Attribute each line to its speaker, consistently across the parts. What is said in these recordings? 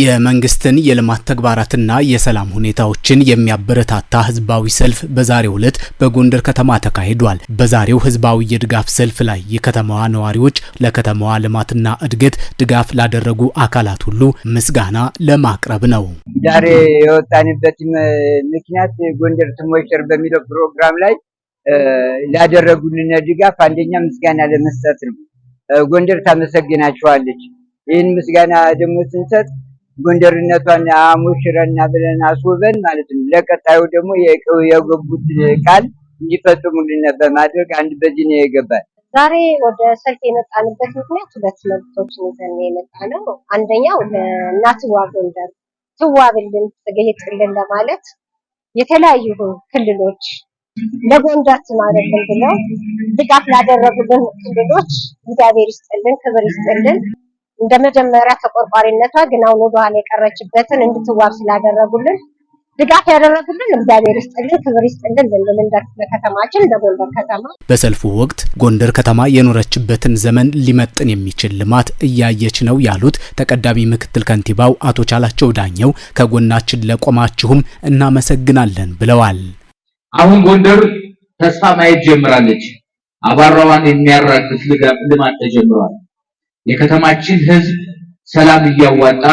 Speaker 1: የመንግስትን የልማት ተግባራትና የሰላም ሁኔታዎችን የሚያበረታታ ህዝባዊ ሰልፍ በዛሬው ዕለት በጎንደር ከተማ ተካሂዷል። በዛሬው ህዝባዊ የድጋፍ ሰልፍ ላይ የከተማዋ ነዋሪዎች ለከተማዋ ልማትና እድገት ድጋፍ ላደረጉ አካላት ሁሉ ምስጋና ለማቅረብ ነው።
Speaker 2: ዛሬ የወጣንበት ምክንያት ጎንደር ትሞይቸር በሚለው ፕሮግራም ላይ ላደረጉልን ድጋፍ አንደኛ ምስጋና ለመስጠት ነው። ጎንደር ታመሰግናችኋለች። ይህን ምስጋና ደግሞ ስንሰጥ ጎንደርነቷን አሙሽረና ብለን አስውበን ማለት ነው። ለቀጣዩ ደግሞ የገቡት ቃል እንዲፈጽሙልን በማድረግ አንድ በዚህ ነው የገባል።
Speaker 3: ዛሬ ወደ ሰልፍ የመጣንበት ምክንያት ሁለት መብቶችን ይዘን የመጣ ነው። አንደኛው ለእናትዋ ጎንደር ትዋብልን ትገይጥልን ለማለት የተለያዩ ክልሎች ለጎንደር ትማርልን ብለው ድጋፍ ላደረጉልን ክልሎች እግዚአብሔር ይስጥልን፣ ክብር ይስጥልን። እንደ መጀመሪያ ተቆርቋሪነቷ ግን አሁን ወደኋላ የቀረችበትን እንድትዋብ ስላደረጉልን ድጋፍ ያደረጉልን እግዚአብሔር ይስጥልን፣ ክብር ይስጥልን ልንል ለከተማችን ለጎንደር ከተማ።
Speaker 1: በሰልፉ ወቅት ጎንደር ከተማ የኖረችበትን ዘመን ሊመጥን የሚችል ልማት እያየች ነው ያሉት ተቀዳሚ ምክትል ከንቲባው አቶ ቻላቸው ዳኘው ከጎናችን ለቆማችሁም እናመሰግናለን ብለዋል።
Speaker 4: አሁን ጎንደር ተስፋ ማየት ጀምራለች። አባራዋን የሚያራግፍ ልማት ተጀምሯል። የከተማችን ህዝብ ሰላም እያዋጣ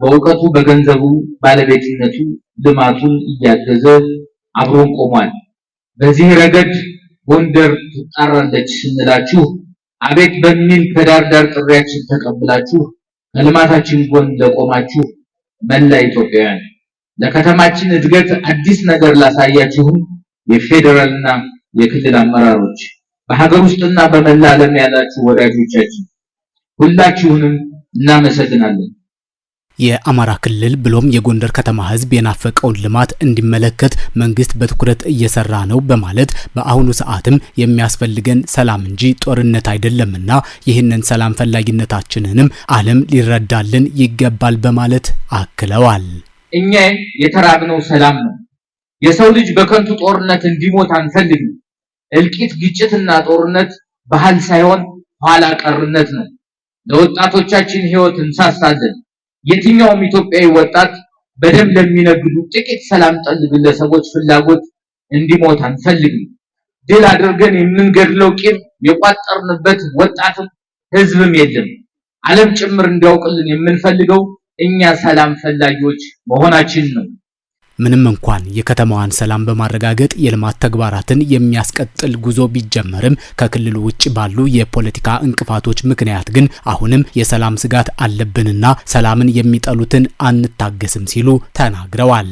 Speaker 4: በእውቀቱ፣ በገንዘቡ ባለቤትነቱ ልማቱን እያገዘ አብሮን ቆሟል። በዚህ ረገድ ጎንደር ትጣራለች ስንላችሁ አቤት በሚል ከዳር ዳር ጥሪያችን ተቀብላችሁ ከልማታችን ጎን ለቆማችሁ መላ ኢትዮጵያውያን ለከተማችን እድገት አዲስ ነገር ላሳያችሁም የፌዴራልና የክልል አመራሮች በሀገር ውስጥና በመላ ዓለም ያላችሁ ወዳጆቻችን ሁላችሁንም እናመሰግናለን።
Speaker 1: የአማራ ክልል ብሎም የጎንደር ከተማ ሕዝብ የናፈቀውን ልማት እንዲመለከት መንግስት በትኩረት እየሰራ ነው በማለት በአሁኑ ሰዓትም የሚያስፈልገን ሰላም እንጂ ጦርነት አይደለምና ይህንን ሰላም ፈላጊነታችንንም ዓለም ሊረዳልን ይገባል በማለት አክለዋል።
Speaker 4: እኛ የተራብነው ሰላም ነው። የሰው ልጅ በከንቱ ጦርነት እንዲሞት አንፈልግም። እልቂት፣ ግጭትና ጦርነት ባህል ሳይሆን ኋላ ቀርነት ነው። ለወጣቶቻችን ህይወት እንሳሳለን። የትኛውም ኢትዮጵያዊ ወጣት በደም ለሚነግዱ ጥቂት ሰላም ጠል ግለሰቦች ፍላጎት እንዲሞት አንፈልግም። ድል አድርገን የምንገድለው ቂም የቋጠርንበት ወጣትም ህዝብም የለም። ዓለም ጭምር እንዲያውቅልን የምንፈልገው እኛ ሰላም ፈላጊዎች መሆናችን ነው።
Speaker 1: ምንም እንኳን የከተማዋን ሰላም በማረጋገጥ የልማት ተግባራትን የሚያስቀጥል ጉዞ ቢጀመርም ከክልሉ ውጭ ባሉ የፖለቲካ እንቅፋቶች ምክንያት ግን አሁንም የሰላም ስጋት አለብንና ሰላምን የሚጠሉትን አንታገስም ሲሉ ተናግረዋል።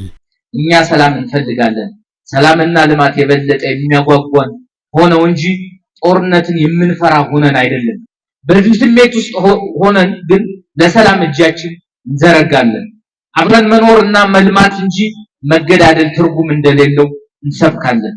Speaker 4: እኛ ሰላም እንፈልጋለን። ሰላምና ልማት የበለጠ የሚያጓጓን ሆነው እንጂ ጦርነትን የምንፈራ ሆነን አይደለም። በዚህ ስሜት ውስጥ ሆነን ግን ለሰላም እጃችን እንዘረጋለን። አብረን መኖርና መልማት እንጂ መገዳደል ትርጉም እንደሌለው እንሰብካለን።